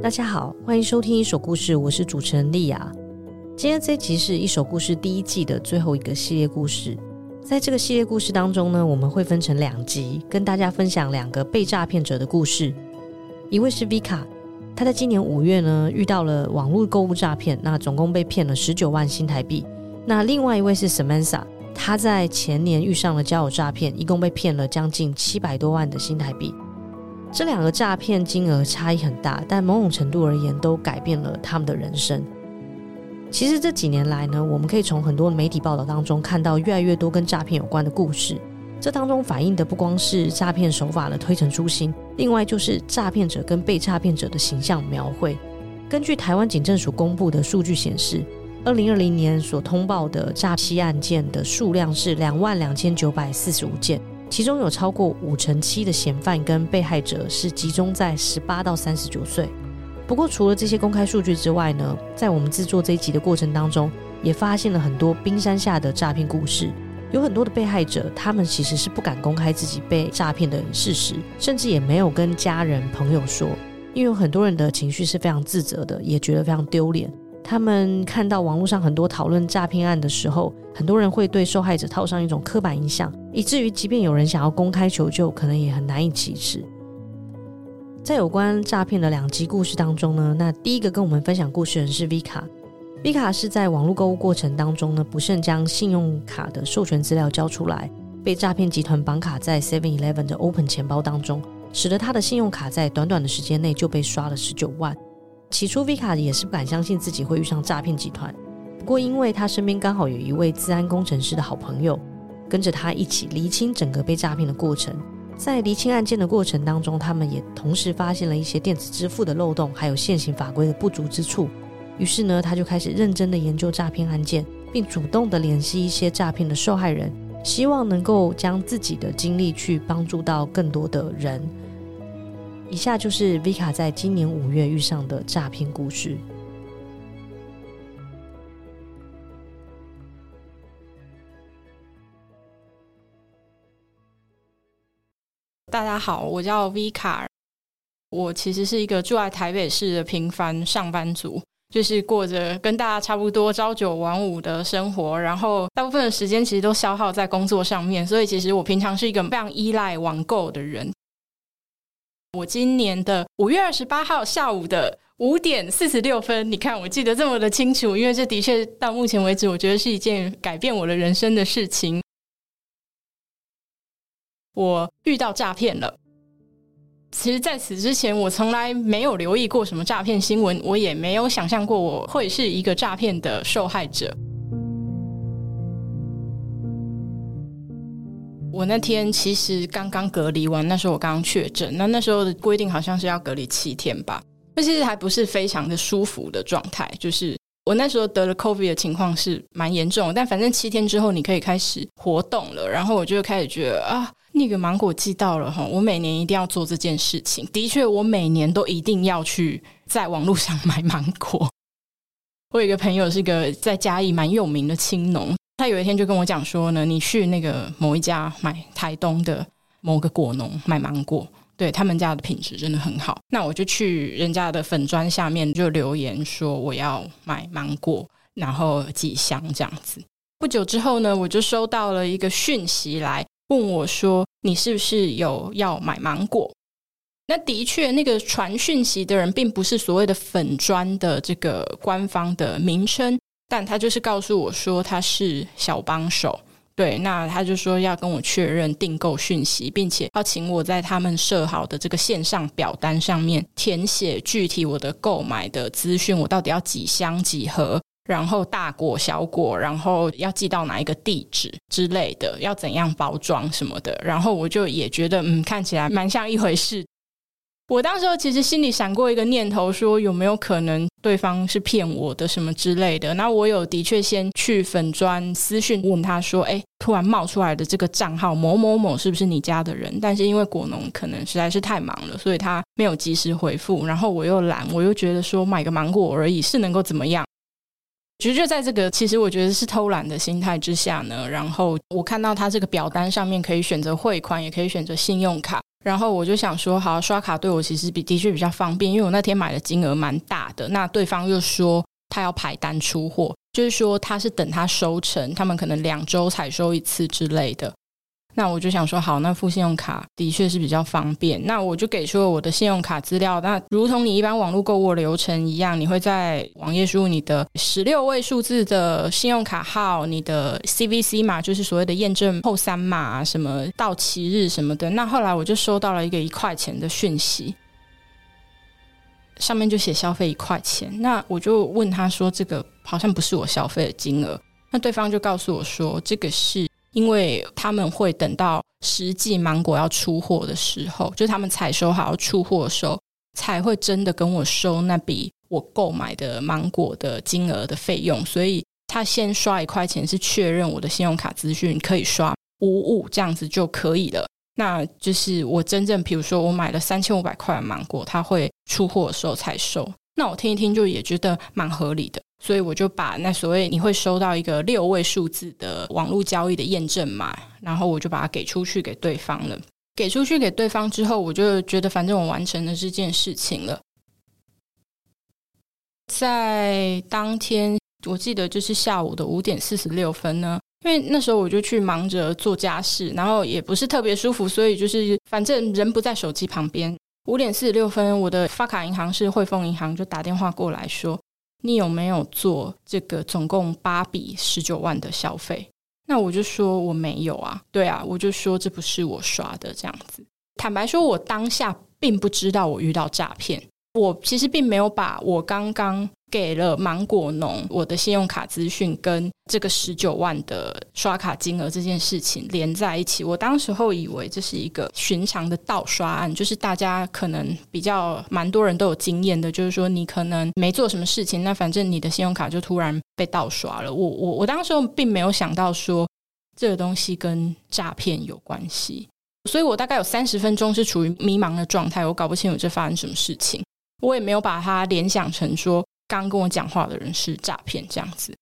大家好，歡迎收聽《一首故事》，我是主持人莉亞。今天這集是一首故事第一季的最後一個系列故事。在這個系列故事當中呢，我們會分成兩集，跟大家分享兩個被詐騙者的故事。一位是 Vika，他在今年五月呢遇到了網絡購物詐騙，那總共被騙了十九萬新台幣。那另外一位是 Samantha。他在前年遇上了交友詐騙，一共被騙了將近七百多萬的新台幣。這兩個詐騙金額差異很大，但某種程度而言，都改變了她們的人生。其實這幾年來呢，我們可以從很多媒體報道當中看到越來越多跟詐騙有關的故事。這當中反映的不光是詐騙手法的推陳出新，另外就是詐騙者跟被詐騙者的形象描繪。根據台灣警政署公布的數據顯示，二零二零年所通報的詐欺案件的數量是兩萬兩千九百四十五件，其中有超過五成七的嫌犯跟被害者是集中在十八到三十九歲。不過，除了這些公開數據之外呢，在我們制作這一集的過程當中，也發現了很多冰山下的詐騙故事。有很多的被害者，他們其實是不敢公開自己被詐騙的事實，甚至也沒有跟家人朋友說，因為有很多人的情緒是非常自責的，也覺得非常丟臉。他們看到網絡上很多討論詐騙案的時候，很多人會對受害者套上一種刻板印象，以至於即便有人想要公開求救，可能也很難以啟齒。在有關詐騙的兩集故事當中呢，那第一個跟我們分享故事的人是 Vika。Vika 是在網絡購物過程當中呢，不慎將信用卡的授權資料交出來，被詐騙集團綁卡在 Seven Eleven 的 Open 錢包當中，使得他的信用卡在短短的時間內就被刷了十九萬。起初，Vika 也是不敢相信自己會遇上詐騙集團。不過，因為他身邊剛好有一位資安工程師的好朋友，跟着他一起釐清整個被詐騙的過程。在釐清案件的過程當中，他們也同時發現了一些電子支付的漏洞，還有現行法規的不足之處。於是呢，他就開始認真的研究詐騙案件，並主動的聯繫一些詐騙的受害人，希望能夠將自己的經歷去幫助到更多的人。以下就是 Vika 在今年五月遇上的詐騙故事。大家好，我叫 Vika 我其實是一個住在台北市的平凡上班族，就是過着跟大家差不多朝九晚五的生活，然後大部分的時間其實都消耗在工作上面，所以其實我平常是一個非常依賴網購的人。我今年的五月二十八號下午的五點四十六分，你看，我記得這麼的清楚，因為這的確到目前為止，我覺得是一件改變我的人生的事情。我遇到詐騙了。其實，在此之前，我從來沒有留意過什麼詐騙新聞，我也沒有想象過我會是一個詐騙的受害者。我那天其實剛剛隔離完，那時候我剛剛確診。那那時候的規定好像是要隔離七天吧，那其實還不是非常的舒服的狀態。就是我那時候得了 COVID 的情況是蠻嚴重的，但反正七天之後你可以開始活動了。然後我就開始覺得啊，那個芒果季到了哈，我每年一定要做這件事情。的確，我每年都一定要去在網絡上買芒果。我有一個朋友是一個在嘉義蠻有名的青農。他有一天就跟我講說呢，你去那個某一家買台東的某個果農買芒果，對，他們家的品質真的很好。那我就去人家的粉專下面就留言說我要買芒果，然後幾箱這樣子。不久之後呢，我就收到了一個訊息來問我說，你是不是有要買芒果？那的確，那個傳訊息的人並不是所謂的粉專的這個官方的名稱。但他就是告訴我說他是小幫手，對，那他就說要跟我確認訂購訊息，並且要請我在他們設好的這個線上表單上面填寫具體我的購買的資訊，我到底要幾箱幾盒，然後大果小果，然後要寄到哪一個地址之類的，要怎樣包裝什麼的，然後我就也覺得嗯，看起來蠻像一回事。我當時候其實心裡閃過一個念頭，說有沒有可能對方是騙我的什麼之類的？那我有的確先去粉專私訊問他說，誒，突然冒出來的這個賬號某某某是不是你家的人？但是因為果農可能實在是太忙了，所以他沒有及時回復。然後我又懶，我又覺得說買個芒果而已是能夠怎麼樣？其實就在這個其實我覺得是偷懶的心態之下呢，然後我看到他這個表單上面可以選擇匯款，也可以選擇信用卡。然後我就想說，好，刷卡對我其實比的確比較方便，因為我那天買的金額蠻大的。那對方又說他要排單出貨，就是說他是等他收成，他們可能兩周採收一次之類的。那我就想說，好，那付信用卡的確是比較方便。那我就給出了我的信用卡資料。那如同你一般網絡購物流程一樣，你會在網頁輸入你的十六位數字的信用卡號、你的 CVC 碼，就是所謂的驗證後三碼啊，什麼到期日什麼的。那後來我就收到了一個一塊錢的訊息，上面就寫消費一塊錢。那我就問他說：“這個好像不是我消費的金額。”那對方就告訴我說：“這個是。”因為他們會等到實際芒果要出貨的時候，就是、他們採收好要出貨的時候，才會真的跟我收那筆我購買的芒果的金額的費用。所以他先刷一塊錢是確認我的信用卡資訊可以刷五五這樣子就可以了。那就是我真正，比如說我買了三千五百塊的芒果，他會出貨的時候才收。那我聽一聽，就也覺得蠻合理的。所以我就把那所謂你會收到一個六位數字的網絡交易的驗證碼，然後我就把它給出去給對方了。給出去給對方之後，我就覺得反正我完成了這件事情了。在當天，我記得就是下午的五點四十六分呢，因為那時候我就去忙着做家事，然後也不是特別舒服，所以就是反正人不在手機旁邊。五點四十六分，我的發卡銀行是匯豐銀行，就打電話過來說。你有沒有做這個總共八筆十九萬的消費？那我就說我沒有啊，對啊，我就說這不是我刷的這樣子。坦白說，我當下並不知道我遇到詐騙，我其實並沒有把我剛剛。給了芒果農我的信用卡資訊跟這個十九萬的刷卡金額這件事情連在一起，我當時候以為這是一個尋常的盜刷案，就是大家可能比較蠻多人都有經驗的，就是說你可能沒做什麼事情，那反正你的信用卡就突然被盜刷了。我我我當時候並沒有想到說這個東西跟詐騙有關係，所以我大概有三十分鐘是處於迷茫的狀態，我搞不清楚這發生什麼事情，我也沒有把它聯想成說。剛跟我講話的人是詐騙這樣子，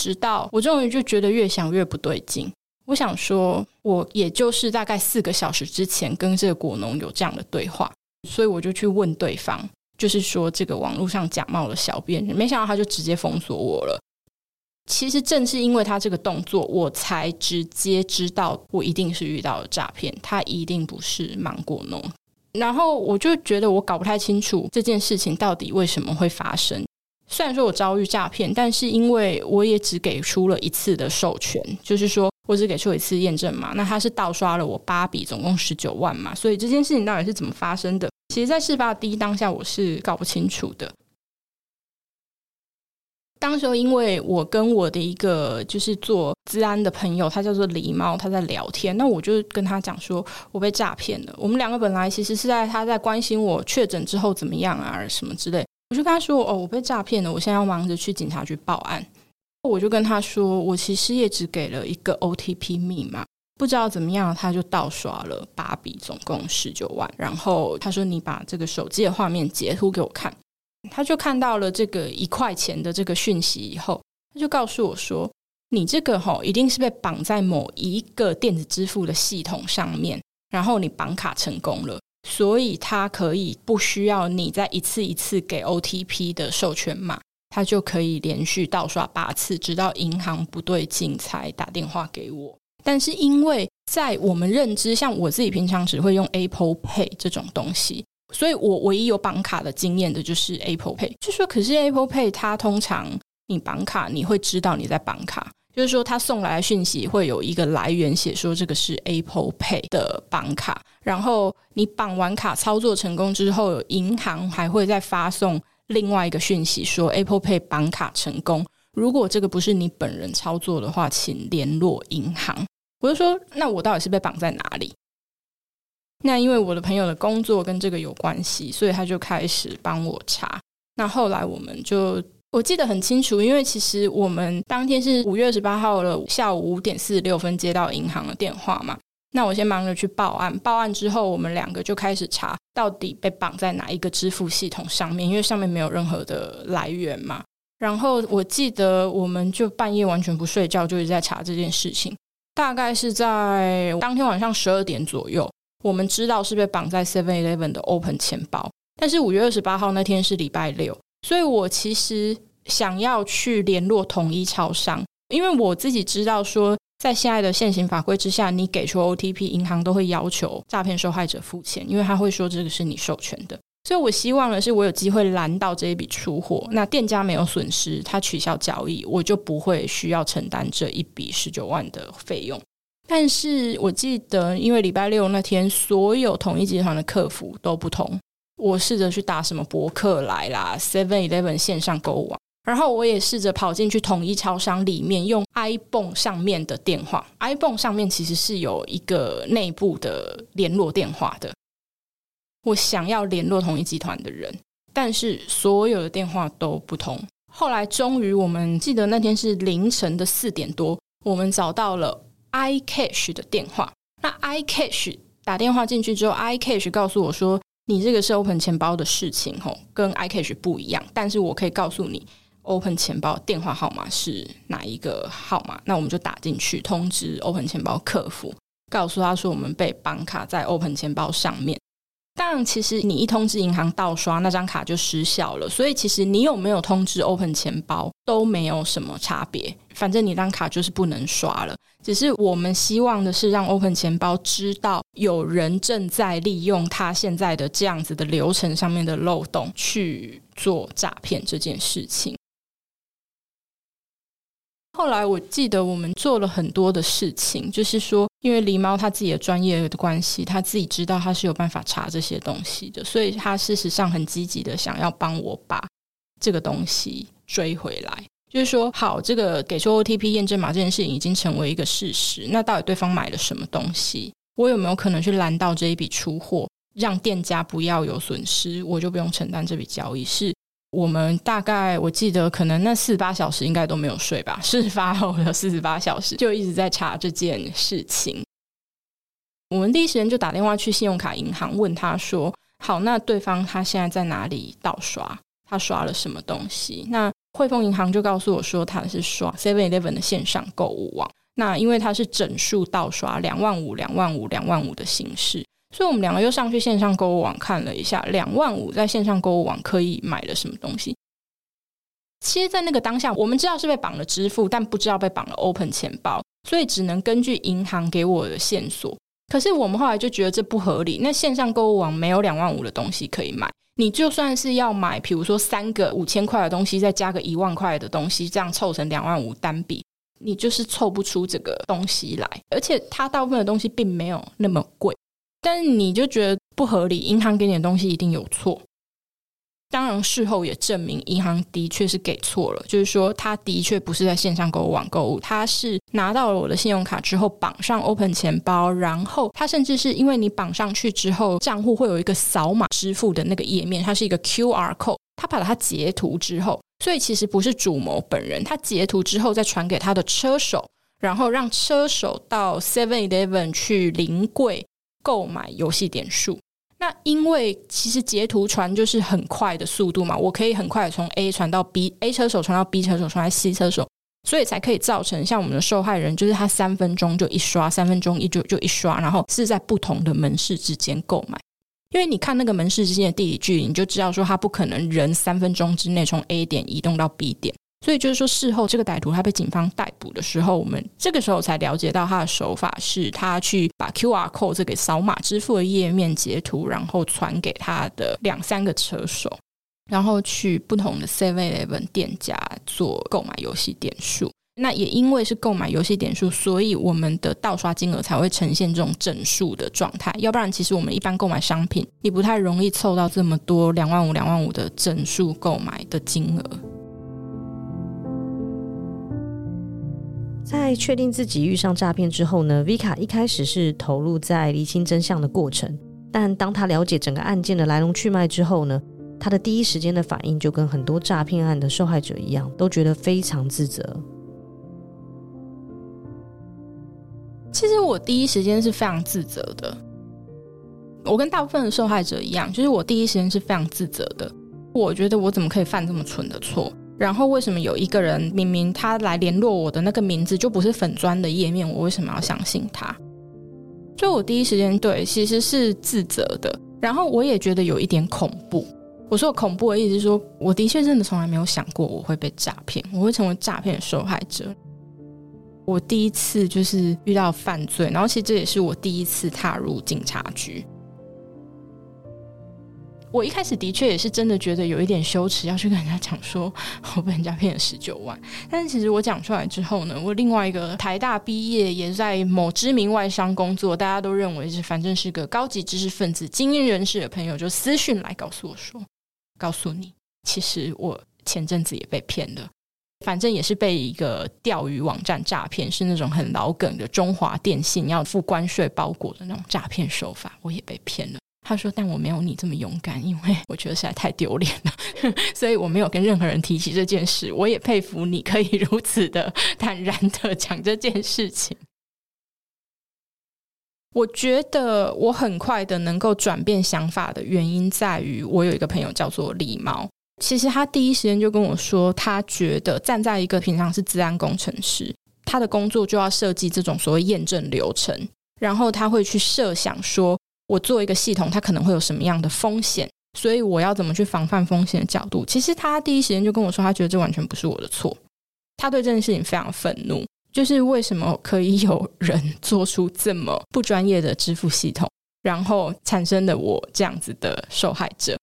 直到我終於就覺得越想越不對勁。我想說，我也就是大概四個小時之前跟這個果農有這樣的對話，所以我就去問對方，就是說這個網絡上假冒的小編，沒想到他就直接封鎖我了。其實正是因為他這個動作，我才直接知道我一定是遇到了詐騙，他一定不是芒果農。然後我就覺得我搞不太清楚這件事情到底為什麼會發生。雖然說我遭遇詐騙，但是因為我也只給出了一次的授權，就是說，我只給出一次驗證嘛。那他是盜刷了我八筆，總共十九萬嘛。所以這件事情到底是怎麼發生的？其實，在事發第一當下，我是搞不清楚的。當時候，因為我跟我的一個就是做資安的朋友，他叫做狸貓，他在聊天。那我就跟他講說，我被詐騙了。我們兩個本來其實是在他在關心我確診之後怎麼樣啊，什麼之類。我就跟他說：“哦，我被詐騙了，我現在要忙着去警察局報案。”我就跟他說：“我其實也只給了一個 OTP 密碼，不知道怎麼樣，他就盜刷了八筆，總共十九萬。”然後他說：“你把這個手機的畫面截圖給我看。”他就看到了這個一塊錢的這個訊息以後，他就告訴我說：“你這個吼、哦、一定是被綁在某一個電子支付的系統上面，然後你綁卡成功了。”所以他可以不需要你再一次一次給 OTP 的授權碼，他就可以連續盜刷八次，直到銀行不對勁才打電話給我。但是因為在我們認知，像我自己平常只會用 Apple Pay 這種東西，所以我唯一有綁卡的經驗的就是 Apple Pay。就說，可是 Apple Pay 它通常你綁卡，你會知道你在綁卡。就是說，他送來的訊息會有一個來源，寫說這個是 Apple Pay 的綁卡。然後你綁完卡操作成功之後，銀行還會再發送另外一個訊息，說 Apple Pay 綁卡成功。如果這個不是你本人操作的話，請聯絡銀行。我就說，那我到底是被綁在哪裡？那因為我的朋友的工作跟這個有關係，所以他就開始幫我查。那後來我們就。我記得很清楚，因為其實我們當天是五月二十八號的下午五點四十六分接到銀行的電話嘛，那我先忙着去報案。報案之後，我們兩個就開始查到底被綁在哪一個支付系統上面，因為上面沒有任何的來源嘛。然後我記得我們就半夜完全不睡覺，就一直在查這件事情。大概是在當天晚上十二點左右，我們知道是被綁在 Seven Eleven 的 Open 錢包，但是五月二十八號那天是禮拜六。所以，我其實想要去聯絡統一超商，因為我自己知道說，在現在的現行法規之下，你給出 OTP，銀行都會要求詐騙受害者付錢，因為他會說這個是你授權的。所以，我希望的是我有機會攔到這一筆出貨，那店家沒有損失，他取消交易，我就不會需要承擔這一筆十九萬的費用。但是我記得，因為禮拜六那天，所有統一集團的客服都不通。我試着去打什麼博客來啦，Seven Eleven 線上購物，然後我也試着跑進去統一超商裡面用，用 ibon 上面的電話。ibon 上面其實是有一個內部的聯絡電話的。我想要聯絡統一集團的人，但是所有的電話都不通。後來終於，我們記得那天是凌晨的四點多，我們找到了 iCash 的電話那 i。那 iCash 打電話進去之後，iCash 告訴我說。你這個是 Open 錢包的事情吼，跟 iCash 不一樣，但是我可以告訴你，Open 錢包電話號碼是哪一個號碼，那我們就打進去通知 Open 錢包客服，告訴他說我們被綁卡在 Open 錢包上面。但其實你一通知銀行盜刷，那張卡就失效了。所以其實你有沒有通知 Open 錢包都沒有什麼差別，反正你張卡就是不能刷了。只是我們希望的是讓 Open 錢包知道有人正在利用他現在的這樣子的流程上面的漏洞去做詐騙這件事情。後來我記得我們做了很多的事情，就是說。因為狸貓他自己的專業的關係，他自己知道他是有辦法查這些東西的，所以他事實上很積極的想要幫我把這個東西追回來。就是說，好，這個給出 OTP 驗證碼這件事情已經成為一個事實，那到底對方買了什麼東西？我有沒有可能去攔到這一筆出貨，讓店家不要有損失，我就不用承擔這筆交易是？我們大概我記得，可能那四十八小時應該都沒有睡吧。事發後的四十八小時，就一直在查這件事情。我們第一時間就打電話去信用卡銀行問他說：“好，那對方他現在在哪裡盜刷？他刷了什麼東西？”那匯豐銀行就告訴我說，他是刷 Seven Eleven 的線上購物網。那因為他是整數盜刷，兩萬五、兩萬五、兩萬五的形式。所以我們兩個又上去線上購物網看了一下，兩萬五在線上購物網可以買了什麼東西？其實，在那個當下，我們知道是被綁了支付，但不知道被綁了 Open 錢包，所以只能根據銀行給我的線索。可是我們後來就覺得這不合理。那線上購物網沒有兩萬五的東西可以買，你就算是要買，比如說三個五千塊的東西，再加個一萬塊的東西，這樣湊成兩萬五單筆，你就是湊不出這個東西來。而且，它大部分的東西並沒有那麼貴。但是你就覺得不合理，銀行給你的東西一定有錯。當然，事後也證明銀行的確是給錯了。就是說，他的確不是在線上購物網購物，他是拿到了我的信用卡之後綁上 Open 錢包，然後他甚至是因為你綁上去之後，賬戶會有一個掃碼支付的那個頁面，它是一個 QR code，他把它截圖之後，所以其實不是主謀本人，他截圖之後再傳給他的車手，然後讓車手到 Seven Eleven 去臨櫃。購買遊戲點數，那因為其實截圖傳就是很快的速度嘛，我可以很快從 A 傳到 B，A 車手傳到 B 車手，傳來 C 車手，所以才可以造成像我們的受害人，就是他三分鐘就一刷，三分鐘一就就一刷，然後是在不同的門市之間購買，因為你看那個門市之間的地理距離，你就知道說他不可能人三分鐘之內從 A 點移動到 B 點。所以就是說，事後這個歹徒他被警方逮捕的時候，我們這個時候才了解到他的手法是，他去把 QR Code 給掃碼支付的頁面截圖，然後傳給他的兩三個車手，然後去不同的7-11店家做購買遊戲點數。那也因為是購買遊戲點數，所以我們的盜刷金額才會呈現這種整數的狀態。要不然，其實我們一般購買商品，你不太容易湊到這麼多兩萬五、兩萬五的整數購買的金額。在確定自己遇上詐騙之後呢，Vika 一開始是投入在釐清真相的過程。但當他了解整個案件的來龍去脈之後呢，他的第一時間的反應就跟很多詐騙案的受害者一樣，都覺得非常自責。其實我第一時間是非常自責的，我跟大部分的受害者一樣，就是我第一時間是非常自責的。我覺得我怎麼可以犯這麼蠢的錯？然後為什麼有一個人明明他來聯絡我的那個名字就不是粉專的頁面，我為什麼要相信他？所以，我第一時間對其實是自責的。然後我也覺得有一點恐怖。我說恐怖的意思是說，我的確真的從來沒有想過我會被詐騙，我會成為詐騙的受害者。我第一次就是遇到犯罪，然後其實這也是我第一次踏入警察局。我一開始的確也是真的覺得有一點羞恥，要去跟人家講說，我被人家騙了十九萬。但是其實我講出來之後呢，我另外一個台大畢業，也在某知名外商工作，大家都認為是反正是個高級知識分子、精英人士的朋友，就私訊來告訴我說：“告訴你，其實我前陣子也被騙了，反正也是被一個釣魚網站詐騙，是那種很老梗的中華電信要付關稅包裹的那種詐騙手法，我也被騙了。”他說：“但我沒有你這麼勇敢，因為我覺得實在太丟臉了， 所以我沒有跟任何人提起這件事。我也佩服你可以如此的坦然的講這件事情。我覺得我很快的能夠轉變想法的原因，在於我有一個朋友叫做李貓，其實他第一時間就跟我說，他覺得站在一個平常是資安工程師，他的工作就要設計這種所謂驗證流程，然後他會去設想說。”我做一個系統，它可能會有什麼樣的風險？所以我要怎麼去防範風險的角度？其實他第一時間就跟我說，他覺得這完全不是我的錯，他對這件事情非常憤怒，就是為什麼可以有人做出這麼不專業的支付系統，然後產生了我這樣子的受害者。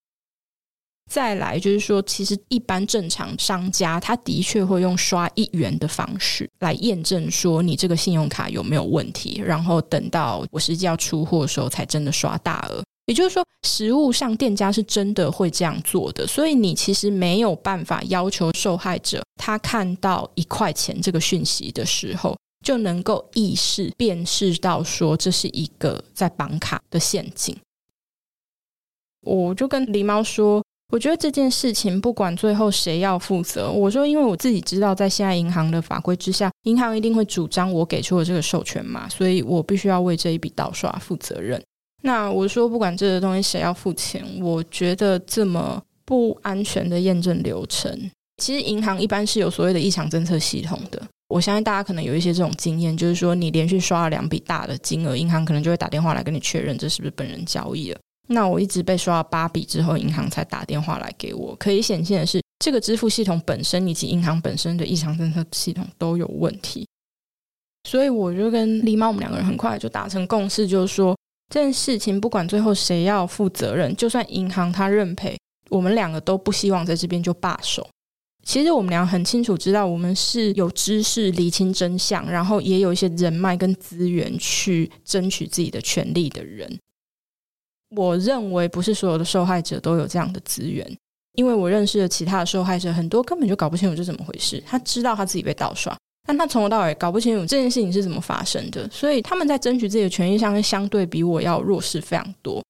再來就是說，其實一般正常商家，他的確會用刷一元的方式來驗證說，你這個信用卡有沒有問題，然後等到我實際要出貨的時候才真的刷大額。也就是說，實務上店家是真的會這樣做的，所以你其實沒有辦法要求受害者他看到一塊錢這個訊息的時候，就能夠意識辨識到說這是一個在綁卡的陷阱。我就跟狸貓說。我覺得這件事情不管最後誰要負責，我說因為我自己知道，在現在銀行的法規之下，銀行一定會主張我給出的這個授權嘛，所以我必須要為這一筆盜刷負責任。那我說不管這個東西誰要付錢，我覺得這麼不安全的驗證流程，其實銀行一般是有所謂的異常偵測系統的。我相信大家可能有一些這種經驗，就是說你連續刷了兩筆大的金額，銀行可能就會打電話來跟你確認這是不是本人交易了。那我一直被刷了八筆之後，銀行才打電話來給我。可以顯現的是，這個支付系統本身以及銀行本身的異常偵測系統都有問題。所以我就跟狸貓我們兩個人很快就達成共識，就是說這件事情不管最後誰要負責任，就算銀行他認賠，我們兩個都不希望在這邊就罷手。其實我們倆很清楚知道，我們是有知識、理清真相，然後也有一些人脈跟資源去爭取自己的權利的人。我認為不是所有的受害者都有這樣的資源，因為我認識的其他的受害者很多根本就搞不清楚這怎麼回事。他知道他自己被盜刷，但他從頭到尾搞不清楚這件事情是怎麼發生的，所以他們在爭取自己的權益上相對比我要弱勢非常多。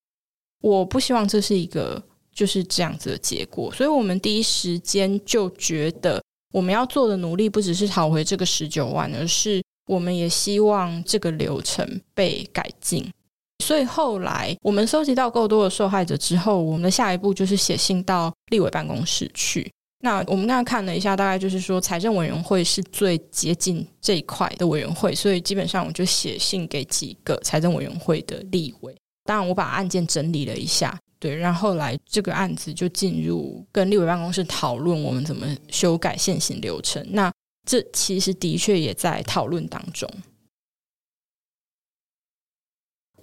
我不希望這是一個就是這樣子的結果，所以我們第一時間就覺得我們要做的努力不只是討回這個十九萬，而是我們也希望這個流程被改進。所以後來，我們收集到夠多的受害者之後，我們的下一步就是寫信到立委辦公室去。那我們剛看了一下，大概就是說，財政委員會是最接近這一塊的委員會，所以基本上我就寫信給幾個財政委員會的立委。當然，我把案件整理了一下，對。然後來這個案子就進入跟立委辦公室討論，我們怎麼修改現行流程。那這其實的確也在討論當中。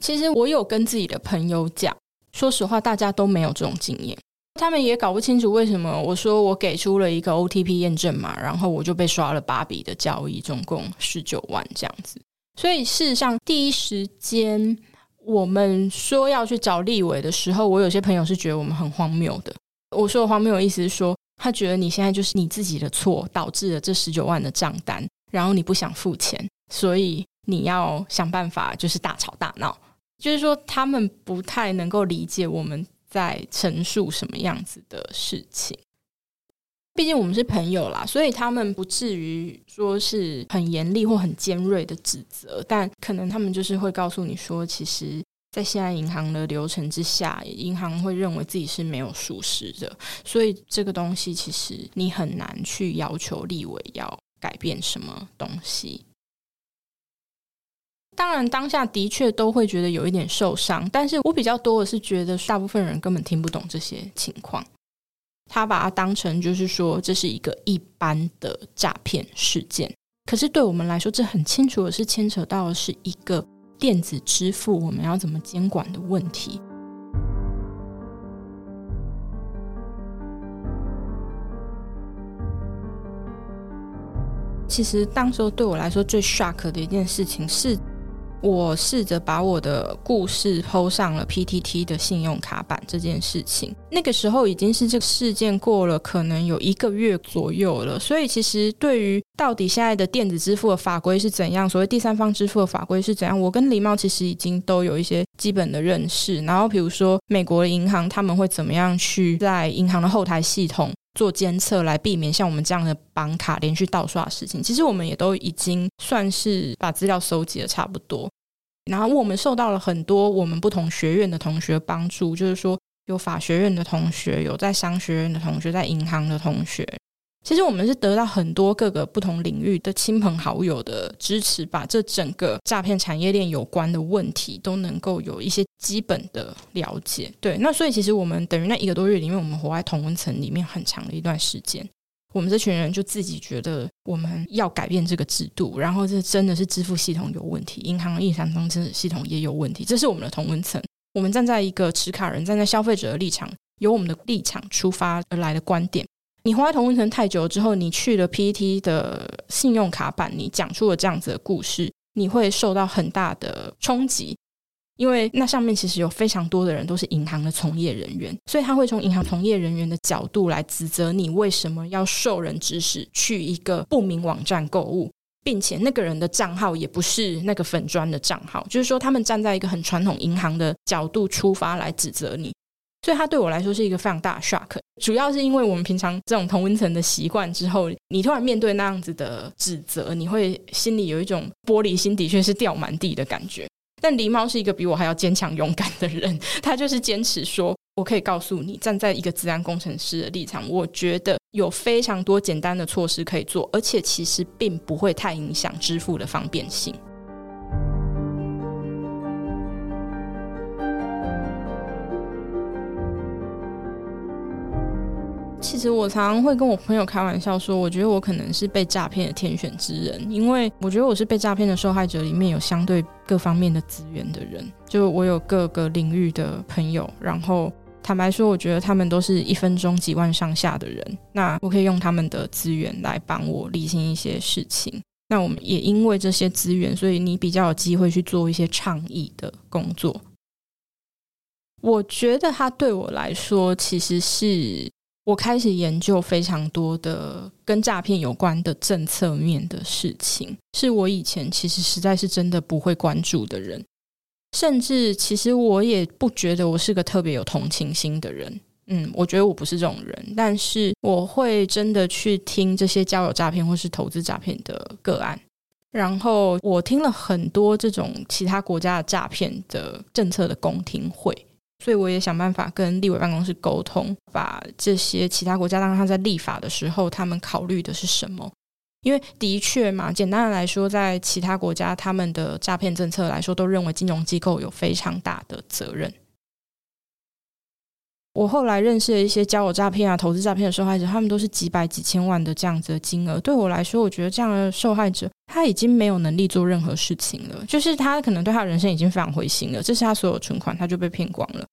其實我有跟自己的朋友講，說實話，大家都沒有這種經驗，他們也搞不清楚為什麼我說我給出了一個 OTP 驗證碼，然後我就被刷了八筆的交易，總共十九萬這樣子。所以事實上，第一時間我們說要去找立委的時候，我有些朋友是覺得我們很荒謬的。我說的荒謬的意思是說，他覺得你現在就是你自己的錯導致了這十九萬的賬單，然後你不想付錢，所以。你要想辦法，就是大吵大鬧，就是說他們不太能夠理解我們在陳述什麼樣子的事情。畢竟我們是朋友啦，所以他們不至於說是很嚴厲或很尖銳的指責，但可能他們就是會告訴你說，其實，在現在銀行的流程之下，銀行會認為自己是沒有疏失的，所以這個東西其實你很難去要求立委要改變什麼東西。當然，當下的確都會覺得有一點受傷，但是我比較多的是覺得，大部分人根本聽不懂這些情況，他把它當成就是說，這是一個一般的詐騙事件。可是對我們來說，這很清楚的是牽扯到的是一個電子支付我們要怎麼監管的問題。其實，當時候對我來說最 shock 的一件事情是。我試着把我的故事 PO 上了 PTT 的信用卡版這件事情，那個時候已經是這個事件過了可能有一個月左右了。所以其實對於到底現在的電子支付的法規是怎樣，所謂第三方支付的法規是怎樣，我跟李茂其實已經都有一些基本的認識。然後比如說美國的銀行他們會怎麼樣去在銀行的後台系統做監測，來避免像我們這樣的綁卡連續盜刷的事情。其實我們也都已經算是把資料收集的差不多。然後我們受到了很多我們不同學院的同學幫助，就是說有法學院的同學，有在商學院的同學，在銀行的同學，其實我們是得到很多各個不同領域的親朋好友的支持，把這整個詐騙產業鏈有關的問題都能夠有一些基本的了解。對，那所以其實我們等於那一個多月裡面，我們活在同溫層裡面很長的一段時間。我們這群人就自己覺得我們要改變這個制度，然後這真的是支付系統有問題，銀行、第三方支付系統也有問題。這是我們的同溫層，我們站在一個持卡人、站在消費者的立場，由我們的立場出發而來的觀點。你活在同溫層太久之後，你去了 PTT 的信用卡版，你講出了這樣子的故事，你會受到很大的衝擊。因為那上面其實有非常多的人都是銀行的從業人員，所以他會從銀行從業人員的角度來指責你為什麼要受人指使去一個不明網站購物，並且那個人的賬號也不是那個粉磚的賬號，就是說他們站在一個很傳統銀行的角度出發來指責你，所以他對我來說是一個非常大的 shock。主要是因為我們平常這種同溫層的習慣之後，你突然面對那樣子的指責，你會心裡有一種玻璃心的確是掉滿地的感覺。但狸貓是一個比我還要堅強勇敢的人，他就是堅持說，我可以告訴你，站在一個資安工程師的立場，我覺得有非常多簡單的措施可以做，而且其實並不會太影響支付的方便性。其實我常會跟我朋友開玩笑說，我覺得我可能是被詐騙的天選之人，因為我覺得我是被詐騙的受害者裡面有相對各方面的資源的人。就我有各個領域的朋友，然後坦白說，我覺得他們都是一分鐘幾萬上下的人，那我可以用他們的資源來幫我理清一些事情。那我們也因為這些資源，所以你比較有機會去做一些倡議的工作。我覺得他對我來說其實是。我開始研究非常多的跟詐騙有關的政策面的事情，是我以前其實實在是真的不會關注的人，甚至其實我也不覺得我是個特別有同情心的人。嗯，我覺得我不是這種人，但是我會真的去聽這些交友詐騙或是投資詐騙的個案，然後我聽了很多這種其他國家的詐騙的政策的公聽會。所以我也想辦法跟立委辦公室溝通，把這些其他國家當他在立法的時候，他們考慮的是什麼？因為的確嘛，簡單的來說，在其他國家，他們的詐騙政策來說，都認為金融機構有非常大的責任。我後來認識了一些交友詐騙啊、投資詐騙的受害者，他們都是幾百、幾千萬的這樣子的金額。對我來說，我覺得這樣的受害者他已經沒有能力做任何事情了，就是他可能對他人生已經非常灰心了。這是他所有存款，他就被騙光了。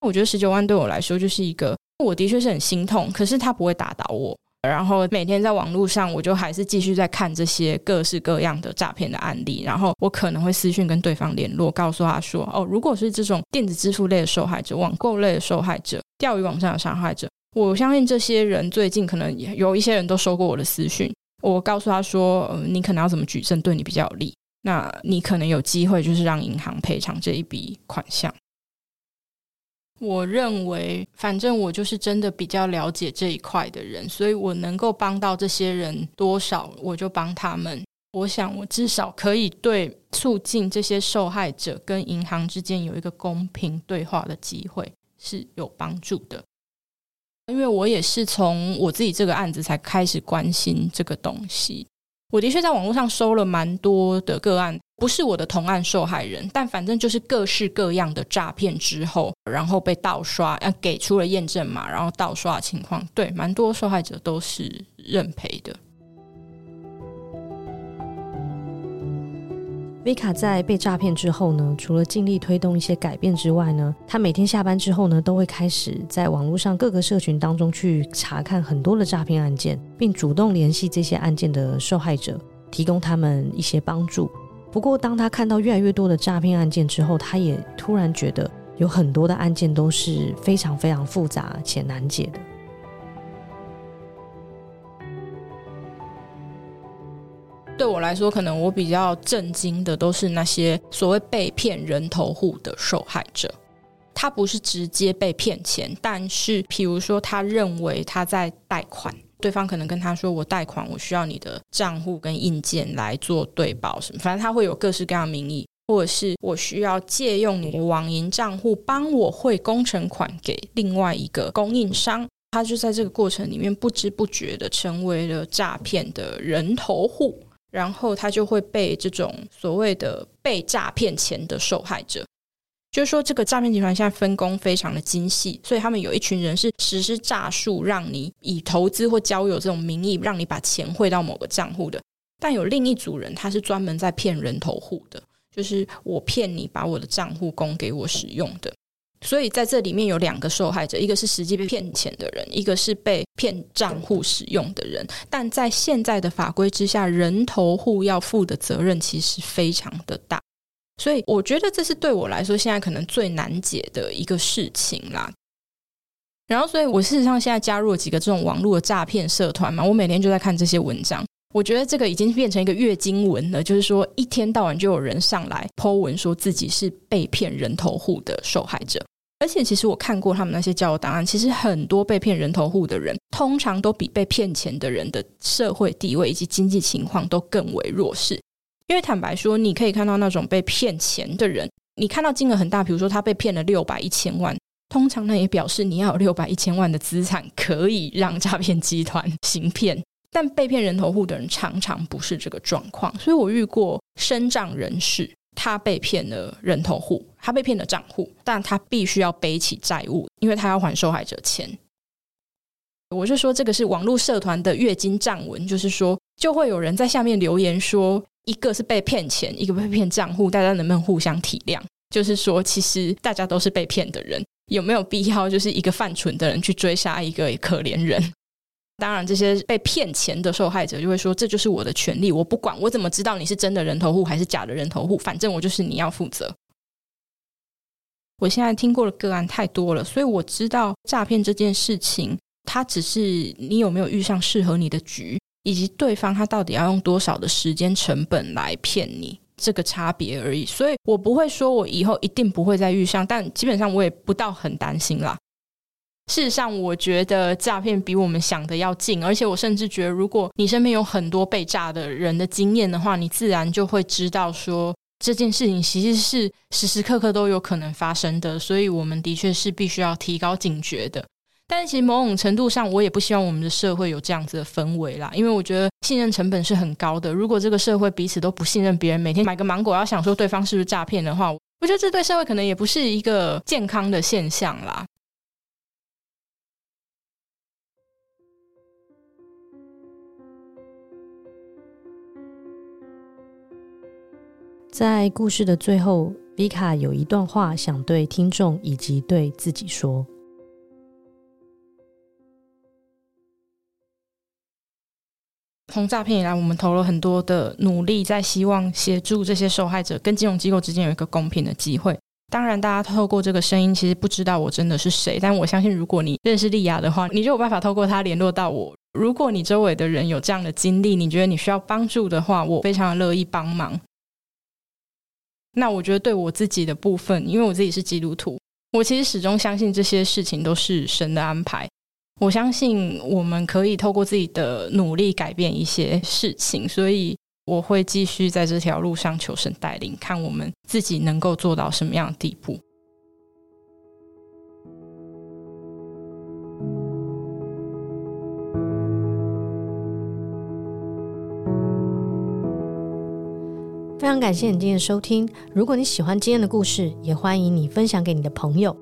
我覺得十九萬對我來說就是一個，我的確是很心痛，可是他不會打倒我。然後每天在網絡上，我就還是繼續在看這些各式各樣的詐騙的案例。然後我可能會私訊跟對方聯絡，告訴他說：“哦，如果是這種電子支付類的受害者、網購類的受害者、釣魚網站的受害者，我相信這些人最近可能也有一些人都收過我的私訊。我告訴他說，你可能要怎麼舉證對你比較有利，那你可能有機會就是讓銀行賠償這一筆款項。”我認為，反正我就是真的比較了解這一塊的人，所以我能夠幫到這些人多少，我就幫他們。我想，我至少可以對促進這些受害者跟銀行之間有一個公平對話的機會是有幫助的。因為我也是從我自己這個案子才開始關心這個東西。我的確在網絡上收了蠻多的個案。不是我的同案受害人，但反正就是各式各樣的詐騙之後，然後被盜刷，要、啊、給出了驗證碼，然後盜刷的情況，對，蠻多受害者都是認賠的。Vika 在被詐騙之後呢，除了盡力推動一些改變之外呢，他每天下班之後呢，都會開始在網絡上各個社群當中去查看很多的詐騙案件，並主動聯繫這些案件的受害者，提供他們一些幫助。不過，當他看到越來越多的詐騙案件之後，他也突然覺得有很多的案件都是非常非常複雜且難解的。對我來說，可能我比較震驚的都是那些所謂被騙人頭戶的受害者。他不是直接被騙錢，但是，譬如說，他認為他在貸款，對方可能跟他說：“我貸款，我需要你的賬戶跟硬件來做對保什麼。”反正他會有各式各樣的名義，或者是我需要借用你的網銀賬戶幫我匯工程款給另外一個供應商。他就在這個過程裡面不知不覺地成為了詐騙的人頭戶，然後他就會被這種所謂的被詐騙錢的受害者。就是說，這個詐騙集團現在，分工非常的精細，所以他們有一群人是實施詐術，讓你以投資或交友這種名義，讓你把錢匯到某個賬戶的。但有另一組人，他是專門在騙人頭戶的，就是我騙你把我的賬戶供給我使用的。所以在這裡面有兩個受害者，一個是實際被騙錢的人，一個是被騙賬戶使用的人。但在現在的法規之下，人頭戶要負的責任其實非常的大。所以我覺得這是對我來說現在可能最難解的一個事情啦。然後，所以我事實上現在加入了幾個這種網絡的詐騙社團嘛，我每天就在看這些文章。我覺得這個已經變成一個月經文了，就是說一天到晚就有人上來 PO 文，說自己是被騙人頭戶的受害者。而且，其實我看過他們那些交流檔案，其實很多被騙人頭戶的人，通常都比被騙錢的人的社會地位以及經濟情況都更為弱勢。因為坦白說，你可以看到那種被騙錢的人，你看到金額很大，比如說他被騙了六百一千萬，通常那也表示你要有六百一千萬的資產可以讓詐騙集團行騙，但被騙人頭戶的人常常不是這個狀況，所以我遇過身障人士，他被騙了人頭戶，他被騙了賬戶，但他必須要背起債務，因為他要還受害者錢。我是說，這個是網絡社團的月經站文，就是說就會有人在下面留言說。一個是被騙錢，一個被騙賬戶，大家能不能互相體諒？就是說，其實大家都是被騙的人，有沒有必要就是一個犯蠢的人去追殺一個可憐人？當然，這些被騙錢的受害者就會說：“這就是我的權利，我不管，我怎麼知道你是真的人頭戶還是假的人頭戶？反正我就是你要負責。”我現在聽過的個案太多了，所以我知道詐騙這件事情，它只是你有沒有遇上適合你的局。以及對方他到底要用多少的時間成本來騙你，這個差別而已。所以我不會說，我以後一定不會再遇上，但基本上我也不到很擔心啦。事實上，我覺得詐騙比我們想的要近，而且我甚至覺得，如果你身邊有很多被詐的人的經驗的話，你自然就會知道說這件事情其實是時時刻刻都有可能發生的。所以我們的確是必須要提高警覺的。但其實某種程度上，我也不希望我們的社會有這樣子的氛圍啦。因為我覺得信任成本是很高的。如果這個社會彼此都不信任別人，每天買個芒果要想說對方是不是詐騙的話，我覺得這對社會可能也不是一個健康的現象啦。在故事的最後，Vika 有一段話想對聽眾以及對自己說。從詐騙以來，我們投了很多的努力，在希望協助這些受害者跟金融機構之間有一個公平的機會。當然，大家透過這個聲音，其實不知道我真的是誰，但我相信，如果你認識莉雅的話，你就有辦法透過她聯絡到我。如果你周圍的人有這樣的經歷，你覺得你需要幫助的話，我非常樂意幫忙。那我覺得對我自己的部分，因為我自己是基督徒，我其實始終相信這些事情都是神的安排。我相信我們可以透過自己的努力改變一些事情，所以我會繼續在這條路上求神帶領，看我們自己能夠做到什麼樣的地步。非常感謝你今天的收聽，如果你喜歡今天的故事，也歡迎你分享給你的朋友。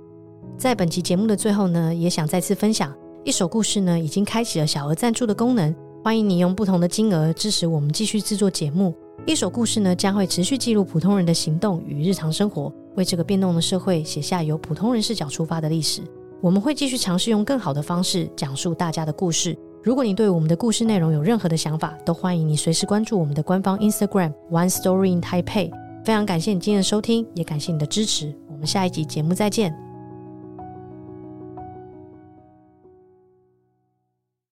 在本期節目的最後呢，也想再次分享。一手故事呢，已經開啟了小額贊助的功能，歡迎你用不同的金額支持我們繼續制作節目。一手故事呢，將會持續記錄普通人的行動與日常生活，為這個變動的社會寫下由普通人視角出發的歷史。我們會繼續嘗試用更好的方式講述大家的故事。如果你對我們的故事內容有任何的想法，都歡迎你隨時關注我們的官方 Instagram One Story in Taipei。非常感謝你今天的收聽，也感謝你的支持。我們下一集節目再見。